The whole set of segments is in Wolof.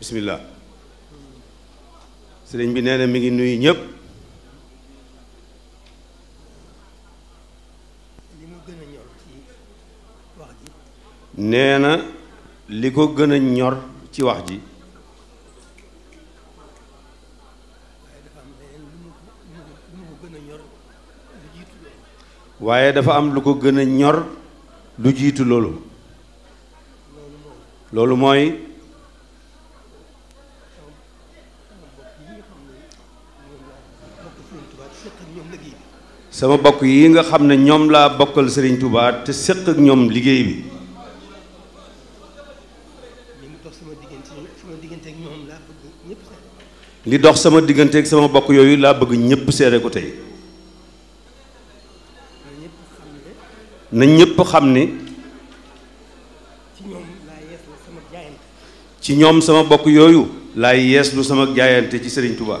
bisimilah sëriñ bi nee na mi ngi nuyu ñépp nee na li ko gën a ñor ci wax ji. waaye dafa am lu ko gën a ñor lu jiitu loolu. loolu mooy. sama bokk yi nga xam ne ñoom laa bokkal Serigne Touba te séq ak ñoom liggéey bi li dox sama digganteek sama bokk yooyu laa bëgg ñëpp seere ko tey na ñépp xam ne ci ñoom sama bokk yooyu laay yees lu sama jaayante ci Serigne Touba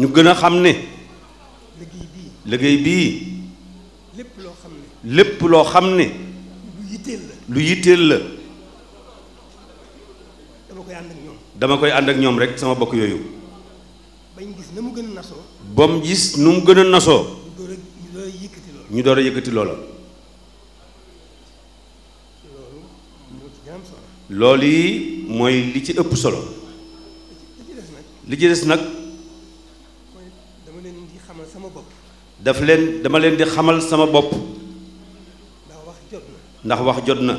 ñu gën a xam ne liggéey bii liggéey bii lépp loo xam ne lépp loo xam ne lu yitteel la lu yitteel la dama koy ànd ak ñoom dama koy ànd ak ñoom rek sama bokk yooyu bañ gis na mu gën a nasoo ba gis nu mu gën a nasoo ñu door a yëkkati loola loolu yi mooy li ci ëpp solo li ci des nag daf leen dama leen di xamal sama bopp ndax wax jot na ndax wax jot na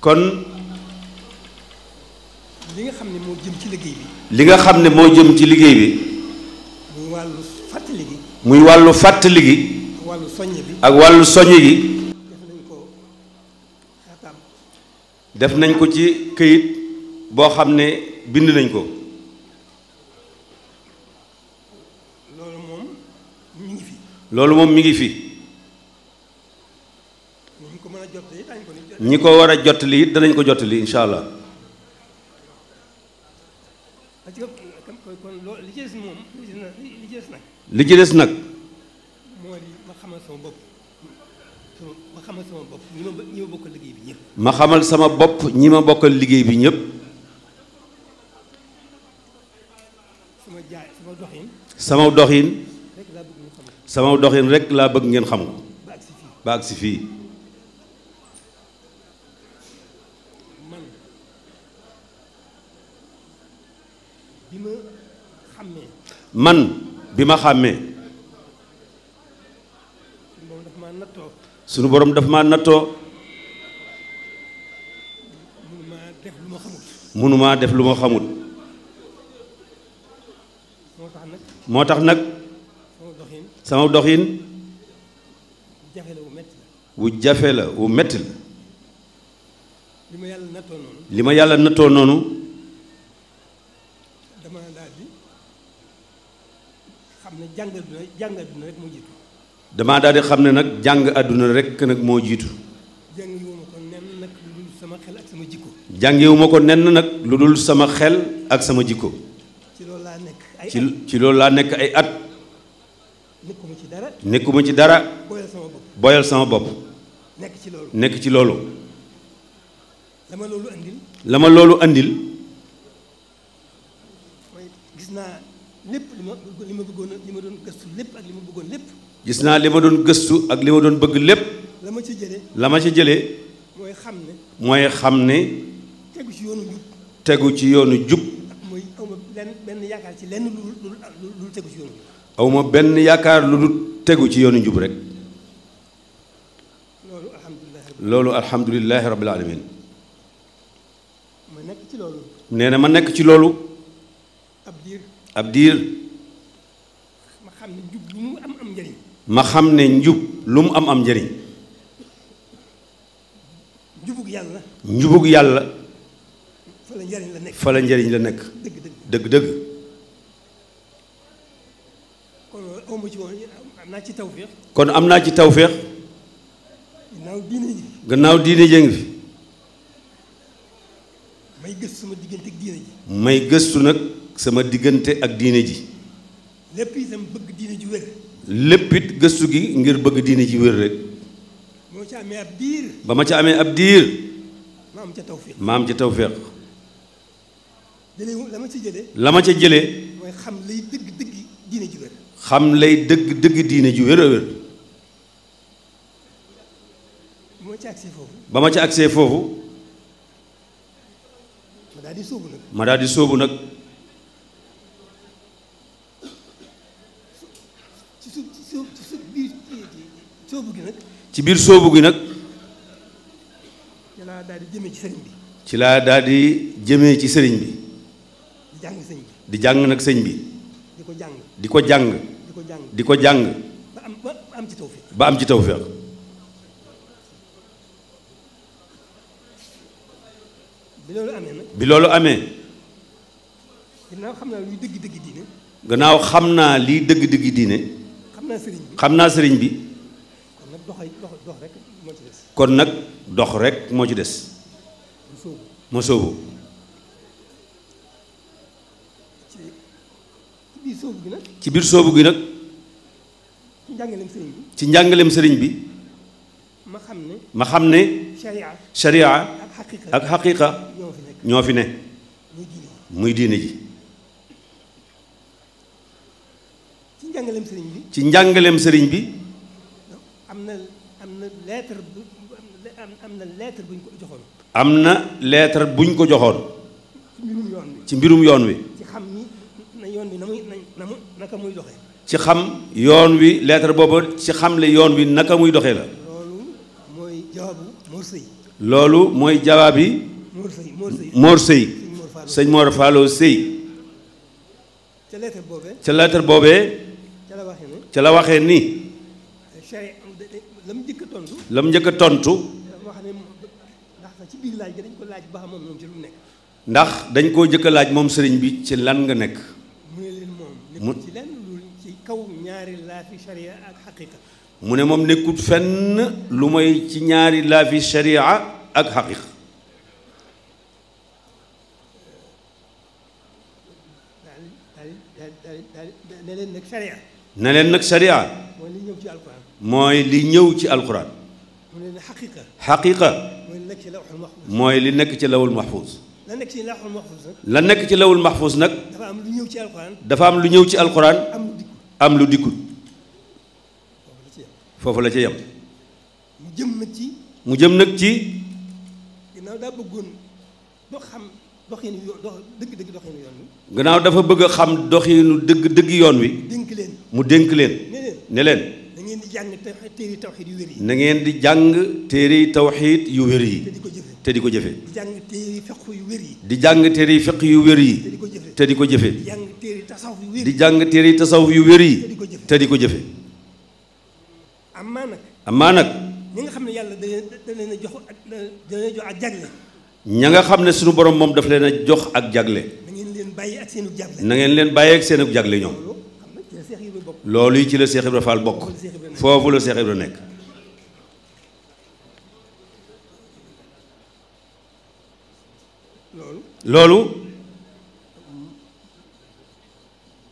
kon li nga xam ne moo jëm ci liggéey bi li nga xam ne moo jëm ci liggéey bi muy wàllu fàttali gi muy wàllu fàttali gi ak wàllu soññ bi ak wàllu soññ gi def nañ ko ci këyit boo xam ne bind nañ ko lolou mom mi ngi fi ñi ko war a jottali it danañ ko jotali inshallah li ci dess nak ma xamal sama bop ñi ma bokkal liggéey bi ñep sama doxine sama doxin sama doxin rek laa bëgg ngeen xam ko ba agsi fii man bi ma xàmmee sunu borom daf ma nattoo mënumaa def lu ma xamut moo tax nag sama doxin wu jafe la wu metti la li ma yàlla nattoo noonu dama daal di xam ne jàng dama daal di xam ne nag jàng àdduna rek nag moo jiitu jàngiwuma ko nen sama xel ak sama jikko ko nen nag lu dul sama xel ak sama jikko ci loolu laa nekk ay at nekkuma ci dara. nekkuma ci dara. boyal sama bopp boyal sama bopp. nekk ci loolu nekk ci loolu. la loolu andil. la ma loolu andil. gis naa lépp li ma ma bëggoon li ma doon gëstu lépp ak li ma bëggoon lépp. gis naa li ma doon gëstu ak li ma doon bëgg lépp. lama ci jëlee. la ma ci jële mooy xam ne. mooy xam ne. tegu ci yoonu jub. tegu ci yoonu jub. mooy amul benn benn yaakaar ci lenn lu lu tegu ci yoonu jub. awma benn yaakaar lu dul tegu ci yoonu njub rek loolu alhamdulilahi rabbil alamin nee na ma nekk ci loolu ab diir ma xam ne njub lu mu am am njëriñ njubug yàlla njubug yàlla fa la njëriñ la nekk dëgg dëgg amu ci am naa ci tawféex. kon am naa ci tawféex. gannaaw diine ji. gannaaw diine jee ngi may gëstu sama diggante ak gëstu nag sama diggante ak diine ji. lépp itam bëgg diine ji wér. lépp gëstu gi ngir bëgg diine ji wér rek. ba ma ca amee ab diir. ba ma ca amee ab diir. ma am ca tawféex. la ma ca jëlee. la ma ca jëlee. xam lay dëgg dëgg diine ju wér a wér ba ma ci agsee foofu ma daal di sóobu nag ma daal nag ci biir sóobu gi nag ci laa daal di jëmee ci sëriñ bi ci laa di jëmee jàng nag sëñ bi di ko jàng di ko jàng di ko jàng ba am ci tawféex bi loolu amee gannaaw xam naa gannaaw xam naa liy dëgg-dëgg diine xam naa sëriñ bi kon nag dox rek moo ci des ma sóobu ci biir sóobu gi nag njàngaleem sëriñ ci njàngaleem sëriñ bi. ma xam ne. ma xam ne. sharia ak xaqiqa ñoo fi ne. muy diine ji. ci njàngaleem sëriñ bi. ci njàngaleem sëriñ bi. am na am na lettre buñ ko joxoon. am na lettre buñ ko joxoon. ci mbirum yoon wi. ci yoon wi. ci xam ni na muy na ci xam yoon wi lettre booba ci xamle yoon wi naka muy doxee la loolu mooy jawaab yi Mor Sëy sëñ Mor Fallou Sëy ca lettre boobee ca la waxee ni la mu njëkk a tontu ndax dañ koo njëkk laaj moom sëriñ bi ci lan nga nekk mu ne moom nekkut fenn lu may ci ñaari laafi sharia ak xaqiqa ne leen nag sharia ne leen nag sharia mooy li ñëw ci alquran mooy li ñëw ci alquran xaqiqa mooy li nekk ci lawul mahfuz la nekk ci lawul mahfuz nag la nekk ci lawul mahfuz nag dafa am lu ñëw ci alquran dafa am lu ñëw ci alquran am lu dikkut foofu la ca yem. mu jëm nag ci. mu jëm nag ci. ginnaaw daa bëggoon dox xam doxinu yoon dëgg dëgg doxinu yoon wi. dafa bëgg a xam doxinu dëgg dëgg yoon wi. dénk leen mu dénk leen. ne leen na ngeen di jàng téere tawxiid yu wér yi. na ngeen di jàng téere tawxiid yu wér yi. te di ko jëfee te di ko jëfee. di jàng téere fiq yu wér yi. di jàng téere fiq yu wér yi. te di ko jëfee te di ko jëfee. di jàng téere tasawuf yu wér yi. te di ko jëfee. amaa nag. amaa nag. ñi nga xam ne yàlla da a jox da leen a jox ña nga xam ne suñu borom moom daf leen a jox ak jagle. na ngeen leen bàyyi ak seen jagle. na ngeen leen bàyyi ak seen jagle ñoom. loolu yi ci la Cheikh Ibra Fall bokk. foofu la Cheikh Ibra nekk. loolu.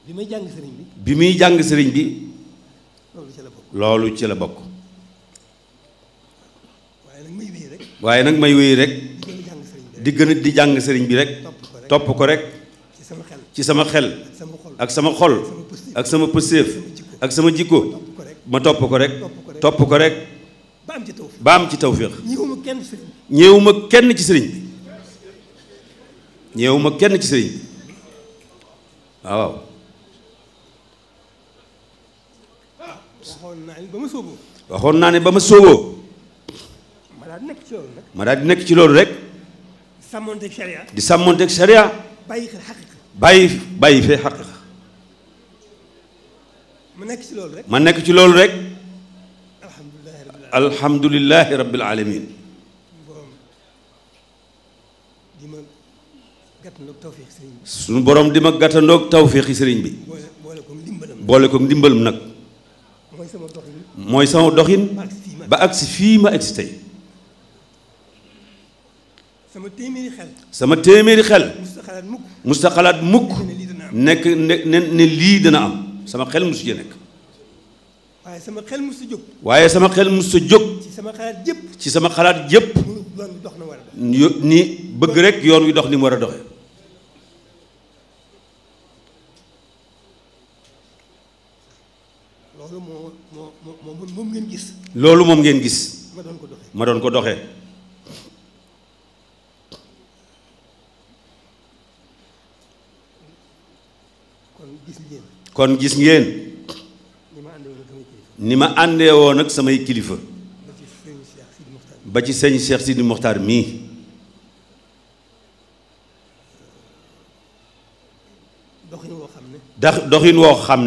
bi muy jàng sëriñ muy jàng sëriñ bi. loolu ci la bokk waaye nag may wéy rek di gën di jàng sëriñ bi rek topp ko rek ci sama xel ak sama xol ak sama pëseef ak sama jikko ma topp ko rek topp ko rek ba am ci tawféex ñëwuma kenn ci sëriñ bi ñëwuma kenn ci sëriñ bi waaw waxoon naa ni ba ne ba ma ma daal di ci loolu rek. ma daal di nekk ci loolu rek. di sharia. di sàmmonteeg sharia. bàyyi ma nekk ci loolu rek. alhamdulillah nekk rabbil alamin. suñu borom dima ma gàttandoog tawféexi sëriñ bi. boole ko ndimbalam nag. mooy sama doxin ba agsi fii ma agsi tey sama téeméeri xel sama téeméeri xel musta xalaat mukk nekk ne ne lii dana am sama xel musu ci nekk waaye sama xel musu jóg waaye sama xel musu jóg ci sama xalaat ni bëgg rek yoon wi dox ni mu doxe loolu moo moom ngeen gis. loolu moom ngeen gis. ma don ko doxé ma doon ko doxee. kon gis ngeen. kon gis ngeen. ni ma àndee woon ak samay kilifa. ba ci seigne Cheikh Sidi Mokhtar mi doxine wo xamne ne. doxin woo xam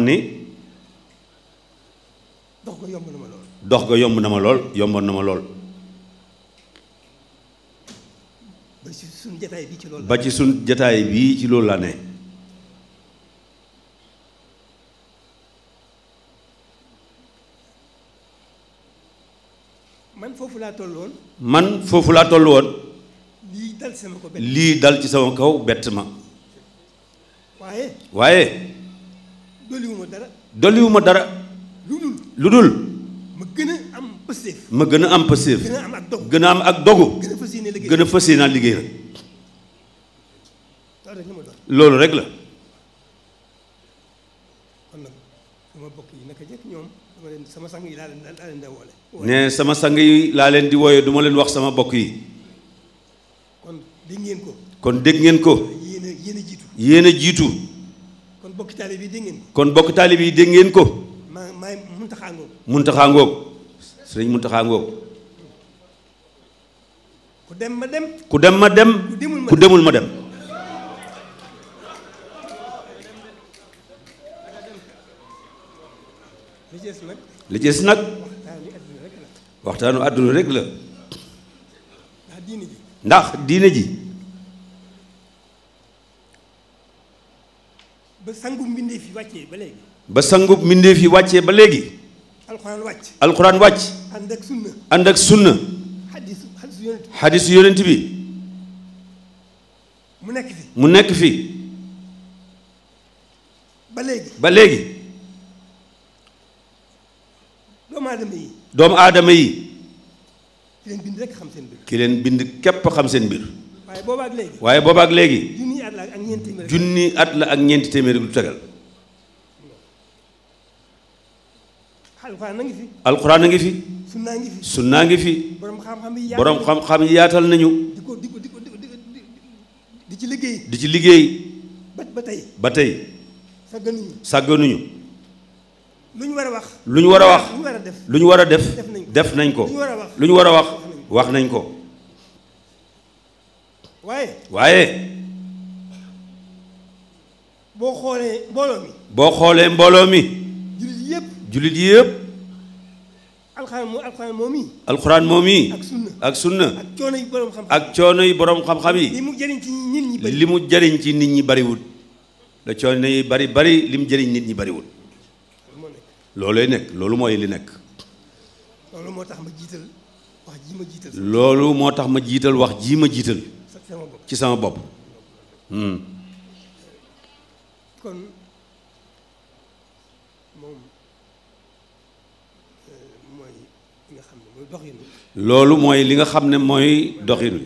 dox ga yomb na ma lool. dox ga yomb na ma lool yomboon na ma lool. ba ci sunu jataay bii ci loolu ba laa ne. man foofu laa toll woon. man foofu laa toll woon. lii dal sama dal ci sama kaw bett ma. waaye. waaye. dolliwu ma dara. lu dul ma gën a am pëseef ma gën a am pëseef gën a am ak dogu gën a fas yéene liggéey rek loolu rek la ne sama sang yi laa leen di wooye duma leen wax sama bokk yi kon dégg ngeen ko kon dégg ngeen ko yéen a jiitu yéen a jiitu kon bokki taalib yi dégg ngeen ko kon bokki taalib yi dégg ngeen ko muntaxaa ngoog muntaxaa ngoog sëriñ muntaxaa ku dem ma dem ku dem ma dem ku demul ma dem li gis nag waxtaanu àdduna rek la ndax diine ji ba sangub mbindeef yi wàccee ba yi wàccee ba léegi alxuraan wàcc. alxuraan wàcc. ànd ak sunna. ànd ak sunna. xadisu yonent bi. mu nekk fi mu nekk fi. ba léegi ba léegi. doomu aadama yi. doomu aadama ki leen bind xam seen mbir. leen bind képp xam seen mbir. waaye boobaag léegi. waaye boobaag léegi. junni at la ak ñeenti téeméer junni ak ñeenti téeméer tegal. القران نغي في سنة نغي في بروم خام خام ياتال نانيو ديكو ديكو ديكو باتاي باتاي ساغنو نيو لوني ورا واخ لوني ورا واخ لوني ورا ديف ديف نانكو لوني ورا واخ واخ نانكو واي واي بو خوله مبولومي بو خوله مبولومي jullit yëpp. alxuraan moo alxuraan moom yi. alxuraan moom yi. ak sunna ak coono yi boroom xam-xam yi li mu jëriñ ci nit ñi bari li mu jëriñ ci nit ñi bariwul. da coono yi bari bari li mu jëriñ nit ñi bariwul. loolooy loolu mooy li nekk. loolu moo tax ma jiital wax ji ma jiital. loolu moo tax ma jiital wax ji ma jiital. ci sama bopp. Hmm. loolu mooy li nga xam ne mooy doxin wi.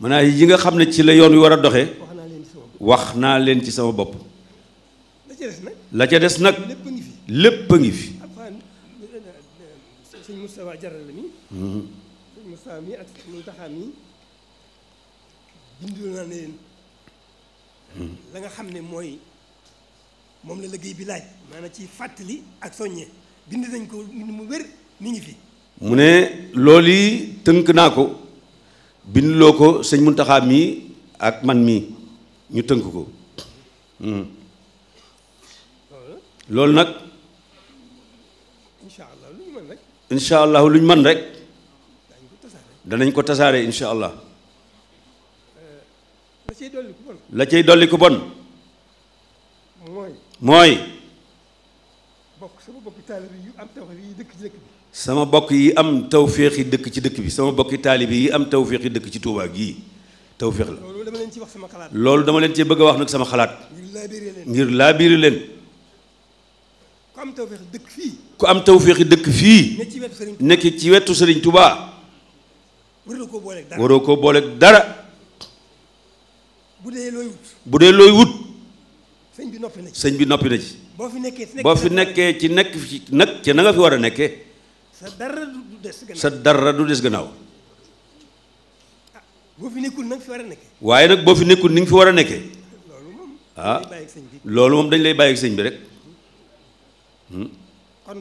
mën naa yi nga xam ne ci la yoon wi war a doxee. wax naa leen ci sama bopp. la ca des nag. lépp a ngi fi. bindul naa leen. la nga xam ne mooy moom la liggéey bi laaj. maanaam ci fàttali ak soññe bind nañ ko bind mu wér mi ngi fi. mu ne lool yi tënk naa ko bindloo ko sëñ Muntaxa mii ak man mii ñu tënk ko hmm. loolu nag incha allah lu ñu man rek danañ ko tasaare incha allah eh, la cay dolli ko bon mooy. sama bokk yi am tawféexi dëkk ci dëkk bi sama bokki taalibe yi am tawféexi dëkk ci Tuubaa gii tawféex la loolu dama leen ci bëgg a wax nag sama xalaat ngir laa leen ku am tawféexi dëkk dëkk fii nekk ci wetu Sëriñ Tuubaa waroo koo booleeg dara bu bu dee looy wut sëñ bi noppi na ci sëñ bi noppi na ci. boo fi nekkee ci boo fi nekkee ci nekk ci nag ci na nga fi war a nekkee. sa dara du des gannaaw dara du des gannaaw. Ah, boo fi nekkul na nga fi waaye nag boo fi nekkul ni nga fi war a nekkee. ah loolu moom dañ lay bàyyi ak sëñ bi rek. Hmm? kon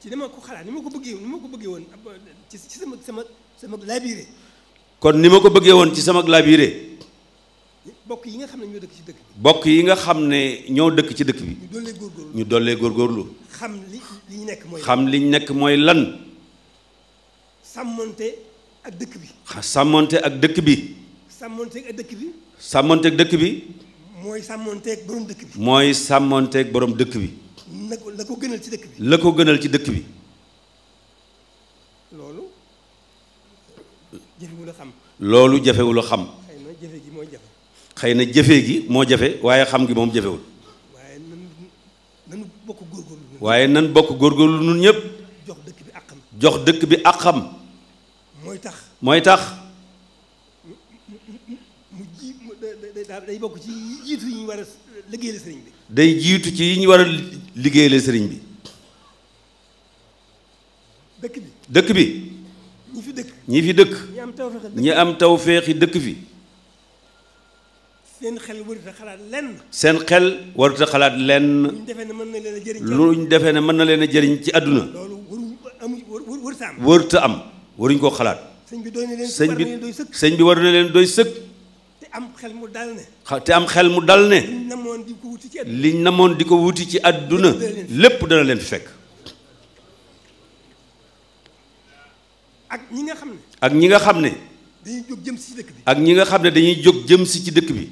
ci ko xalaat ni ma ko bëggee ni ma ko bëggee woon ci sama sama sama laabiré. kon ni ma ko bëggee woon ci sama laabiré. bokk yi nga xam ne ñoo dëkk ci dëkk bi. yi nga xam ne ñoo dëkk ci dëkk bi. ñu dollee góorgóorlu ñu dollee góorgóorlu. xam li li ñu nekk mooy xam li ñu mooy lan. sàmmonte ak dëkk bi. sàmmonte ak dëkk bi. sàmmonte ak dëkk bi. sàmmonte ak dëkk bi. mooy sàmmoonte ak borom dëkk bi. dëkk bi. na la ko gënal ci dëkk bi. la ko gënal ci dëkk bi. loolu jafewul a xam. loolu jafewul xam. xëy jafe gi mooy jafe. xëy na jëfee gi moo jafe waaye xam ngi moom jafewul waaye nan bokk góorgóorlu waaye nan bokk góorgóorlu nun ñëpp jox dëkk bi àqam jox dëkk bi àqam mooy tax mooy tax mu day bokk ci jiitu ñu war a liggéeyal day jiitu ci yi ñu war a liggéeyal sëriñ bi dëkk bi dëkk bi ñi fi dëkk ñi fi dëkk ñi am tawféexi dëkk fi seen xel warut xalaat lenn. seen xel warut xalaat lenn. luñ ne mën na leen a jëriñ. luñ defee ne mën na leen a jëriñ ci àdduna. loolu waru am. waruñ koo xalaat. sëñ bi doy na leen sëñ bi sëñ bi war na leen doy sëkk. te am xel mu dal ne. te am xel mu dal ne. liñ namoon di ko wuti ci àdduna. namoon di ko wuti ci àdduna. lépp dana leen fekk. ak ñi nga xam ne. ak ñi nga xam ne. dañuy jóg jëm ak ñi nga xam ne dañuy jóg jëm si ci dëkk bi.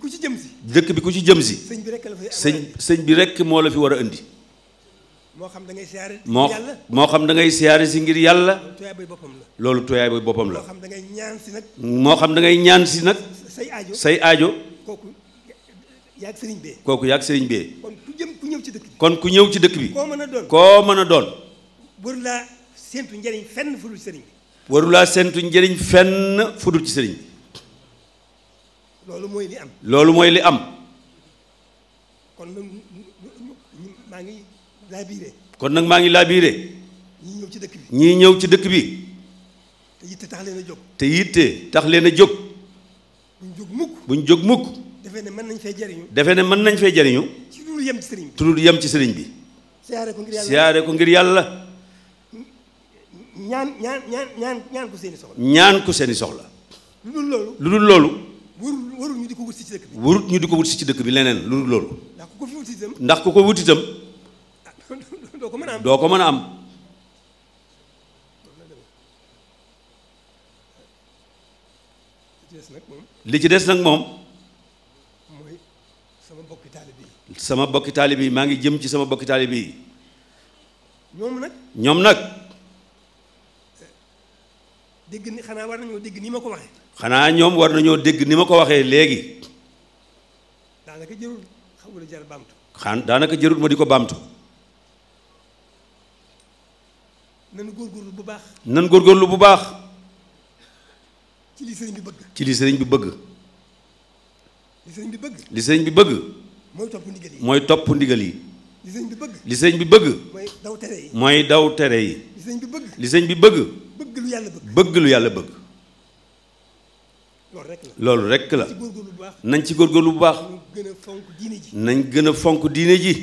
ku ci jëm dëkk bi ku ci jëm si. sëñ bi rek sëñ sëñ bi rek moo la fi war a indi. moo xam da ngay siyaare moo moo xam da ngay si ngir yàlla. loolu tooyaay booy boppam la. moo xam da ngay ñaan si nag. moo xam da ngay ñaan si nag. say ajo say ajo kooku yaag sëriñ bee. kooku yaag sëriñ bee. kon ku jëm ku ci dëkk bi. kon ku ñëw ci dëkk bi. koo mën a doon koo mën a doon. warulaa séntu njëriñ fenn fudul ci sëriñ bi. warulaa séntu njëriñ fenn fudul ci sëriñ loolu mooy li am. loolu mooy li am. kon nag maa ngi laabiire. kon nag maa ngi laabiire. ñii ñëw ci dëkk bi ñii ñëw ci dëkk bi. te yitte tax leen a jóg. te yitte tax leen a jóg. buñ jóg mukk buñ jóg mukk. defe ne mën nañ fee jariñu. defe ne mën nañ fee jariñu. ci lu yem sëriñ bi. lu yem ci sëriñ bi. siyaare ko ngir yàlla siyaare ko ngir yàlla. ñaan ñaan ñaan ko seeni soxla. ñaan ko seeni soxla. lu lu dul loolu. warul ñu di ko wut si ci dëkk bi. warut ñu di ko wut si ci dëkk bi leneen lu loolu. ndax ku ko fi wuti itam. ndax ku ko wuti itam. doo ko mën a am doo ko mën a am. li ci des nag moom. mooy sama bokki taalibe yi. sama bokki taalibe yi maa ngi jëm ci sama bokki taalibe yi. ñoom nag. ñoom nag. dégg ni xanaa war nañoo dégg ni ma ko waxee. xanaa ñoom war nañoo dégg ni ma ko waxee léegi. daanaka jërul xawula jar baamtu. xan daanaka jërul ma di ko baamtu. nan góorgóorlu bu baax. nan góorgóorlu bu baax. ci li sëriñ bi bëgg. ci bi bëgg. li bi bëgg. li bi bëgg. mooy topp ndigal yi mooy topp yi. li sëriñ bi bëgg. bi bëgg. mooy daw tere yi. mooy tere yi. li sëriñ bi bëgg. bëgg lu yàlla bëgg bëgg loolu rek la loolu rek la nañ ci góorgóorlu bu baax. nañ gën a fonk diine ji. nañ gën a fonk diine ji.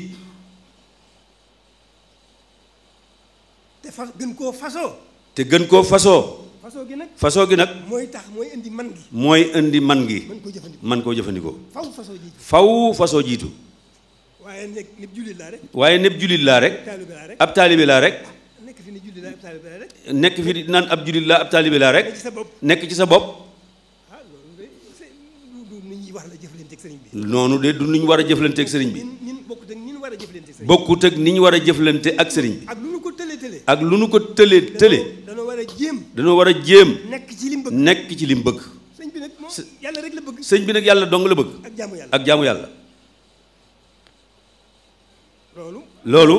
te fas gën koo fasoo. te gën koo fasoo. fasoo gi nag fasoo gi nag. mooy tax mooy indi man gi. mooy indi man gi. man koo jëfandikoo man koo jëfandikoo. faw fasoo jiitu faw jiitu. waaye nekk népp jullit laa rek. waaye népp jullit laa rek. ab taalibe laa rek. nekk fi naan ab jullit laa ab taalibe laa rek nekk ci sa bopp noonu de du nu ñu war a jëflante ak sëriñ bi bokkut ak ni ñu war a jëflante ak sëriñ bi ak lu nu ko tëlee tëlee dañoo war a jéem nekk ci lim bëgg sëñ bi nag yàlla dong la bëgg ak jaamu yàlla loolu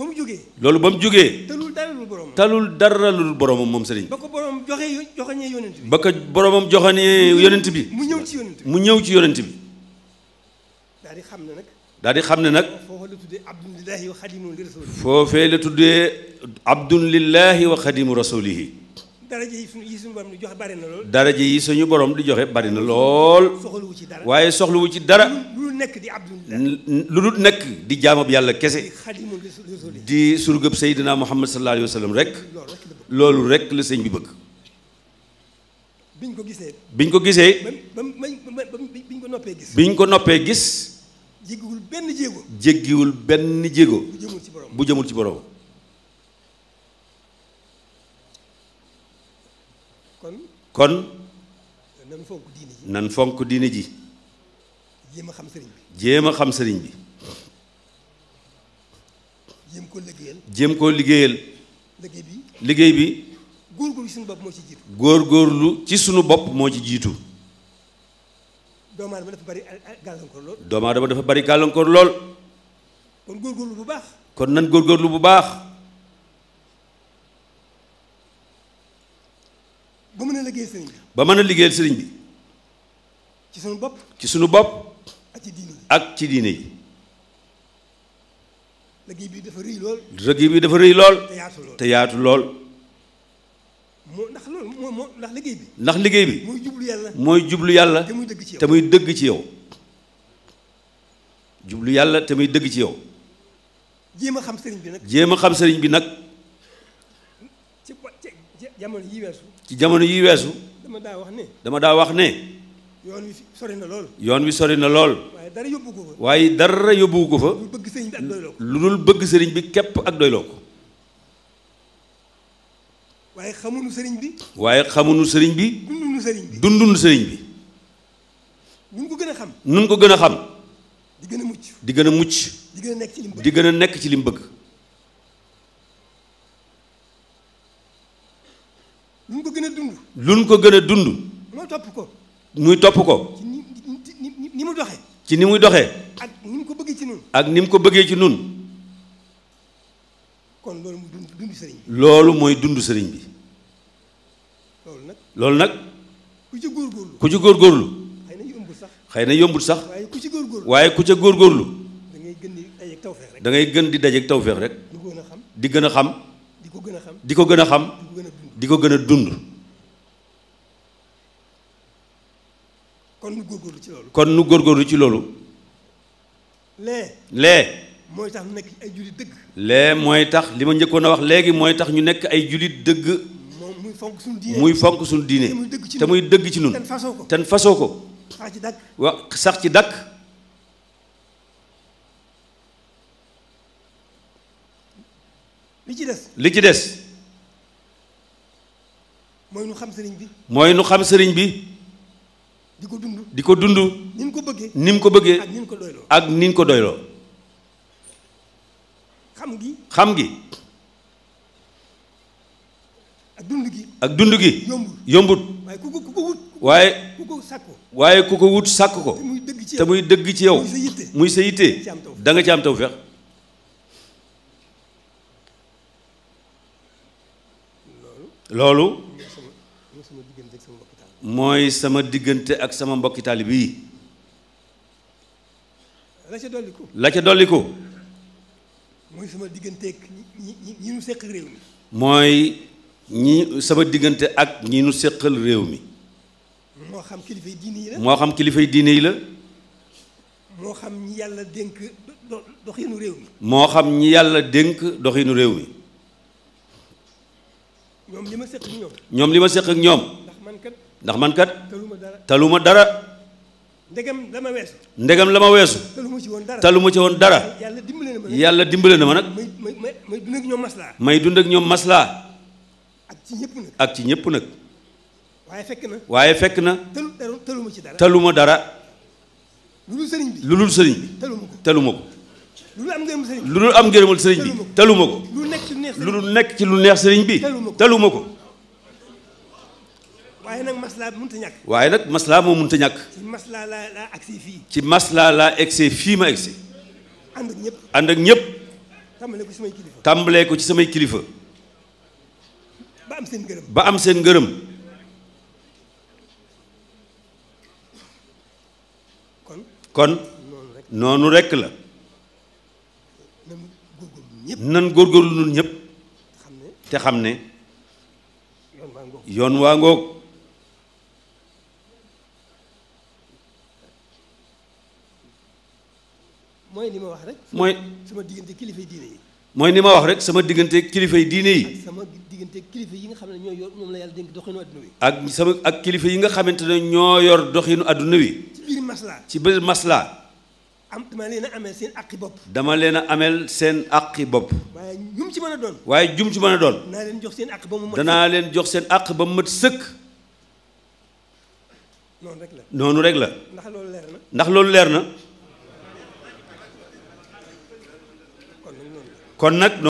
ba mu jógee loolu ba mu jógee talul dara lu boromam talul dara lu boromam moom sëriñ ba ko boromam joxe joxañee yonent bi ba ko boromam joxañee yonent bi mu ñëw ci yonent bi mu ñëw ci yonent bi daal xam ne nag daal di xam ne nag foofee la tuddee abdun lillahi wa xadimu rasulihi foofee la tuddee abdun lillahi wa xadimu rasulihi daraja yi suñu borom di joxe bari na lool. daraja yi suñu borom di joxe bari na lool. soxlawu ci dara waaye soxlawu ci dara. lu dul nekk di abdul. lu dul nekk di jaamab yàlla kese. di surgëb Seydina Muhammad sallallahu alayhi wa sallam rek. loolu rek la sëñ bi bëgg. biñ ko gisee. biñ ko gisee. ba biñ ko noppee gis. biñ ko noppee gis. jéggiwul benn jéego. jéggiwul benn jéego. bu jëmul ci borom bu jëmul ci borom. kon nan fonk diine ji nan fonk diine ji jéem a xam sëriñ bi jéem a xam sëriñ bi jéem koo liggéeyal jéem koo liggéeyal liggéey bi liggéey bi góorgóorlu ci sunu bopp moo ci jiitu góorgóorlu ci sunu bopp moo ci jiitu doomu aadama dafa bari gàllankoor lool doomu aadama dafa bari gàllankoor lool kon góorgóorlu bu baax kon nan góorgóorlu bu baax ba mën liguel serigne bi. ci sunu bop ci sunu bop ak ci diine ak yi. bi dafa bi dafa te yaatu ndax ndax bi. ndax bi. jublu yàlla. jublu yàlla. te muy ci yow jublu yàlla te muy ci yow. xam bi xam bi ci jamono ci jamono yi weesu. dama daa wax ne. dama daa wax ne. yoon wi sori na lool. yoon wi sori na lool. waaye dara yóbbu ko fa. waaye dara yóbbu ko fa. lu dul bëgg sëriñ bi képp ak doyloo ko. waaye xamuñu sëriñ bi. waaye xamuñu sëriñ bi. dunduñu sëriñ bi dunduñu bi. nun ko gën a xam. nun ko gën a xam. di gën a mucc. di gën a mucc. di gën nekk ci li di gën a nekk ci li bëgg. gën a luñ ko gën a dund. muy topp ko. muy topp ko. ci ni mu doxee. ci ni muy doxee. ak ni mu ko bëggee ci nun ak ni ko bëggee ci nun kon loolu mooy dund sëriñ bi. loolu mooy dund sëriñ bi. loolu nag. loolu nag. ku ci góorgóorlu ku ci góorgóorlu. xëy na yombul sax. xëy na yombul sax. waaye ku ci góorgóorlu. waaye ku ca góorgóorlu. da ngay gën di dajeeg tawféex rek. da ngay gën di dajeeg tawféex rek. di gën a xam. di gën a xam. di ko gën a xam. di ko gën a xam. di ko gën a dund. kon nu góorgóorlu ci loolu. kon nu góorgóorlu ci loolu. lee. lee. mooy tax ñu nekk ay jullit dëgg. lee tax li ma njëkkoon a wax léegi mooy tax ñu nekk ay jullit dëgg. muy fonk suñu diine muy fonk suñu diine. te muy dëgg ci ñun te fasoo ko. te fasoo ko. sax ci dàkk. wa sax ci dàkk. li ci des. li ci des. mooy nu xam sëriñ bi. mooy nu xam sëriñ bi. di ko dund di ko dund. ni ko bëggee ni ko bëggee. ak ni ko doyloo ak ni mu ko doyloo. xam gi xam gi. ak dund gi ak dund gi. yombut yombut. waaye ku ko waaye ku ko sàkk wut sàkk ko. te muy dëgg ci yow muy dëgg ci yow. muy sa yitte da nga ci loolu. moy sama diggante ak sama mbokki taalibe yi la ca dolliku la ca dolliku moy sama diggante ak ñi ñu sékk réew mi moy ñi sama diggante ak ñi ñu sékkal réew mi mo xam kilifay diine yi la mo xam kilifay diine yi la mo xam ñi yalla denk doxinu réew mi mo xam ñi yalla denk doxinu réew mi ñom lima sékk ñom ñom lima sékk li ak ñoom ndax man kat ndax man kat taluma dara ndegam la ma weesu ndegam la ma weesu taluma ci woon dara yàlla dimbale na ma nag may dund ak ñoom maslaa may dund ak ñoom maslaa ak ci ñëpp nag nag waaye fekk na waaye fekk na taluma ci dara taluma dara lu dul sëriñ bi lu dul sëriñ bi taluma ko lu dul am ngërëmal sëriñ bi taluma ko lu dul nekk ci lu neex sëriñ bi taluma ko waaye nag maslaa mënut a waaye nag maslaa moo mënut a ñàkk. ci maslaa laa laa fii. ci maslaa laa egsee fii ma egsee. ànd ak ñëpp tàmbalee ko ci samay kilifa. tàmbalee ko ci samay kilifa. ba am seen ngërëm. ba kon. kon noonu rekk la. nan góorgóorlu ñun ñëpp. te xam ne. yoon waa ngoog mooy li ma wax rek. mooy sama diggante kilifa diine yi. mooy ni ma wax rek sama diggante kilifa yi diine yi. sama diggante kilifa yi nga xam ne ñoo yor ñoom la yàlla dénk doxinu adduna wi. ak sama ak kilifa yi nga xamante ne ñoo yor doxinu adduna wi. ci biir maslaa ci biir maslaa. am dama leen a ameel seen aqi bopp. dama leen a ameel seen aqi bopp. waaye jum ci mën a doon. waaye jum doon. danaa leen jox seen aq ba mu mat danaa leen jox seen aq ba mu mat sëkk. noonu rek la noonu rek la. ndax loolu leer na. ndax loolu leer na. kon nag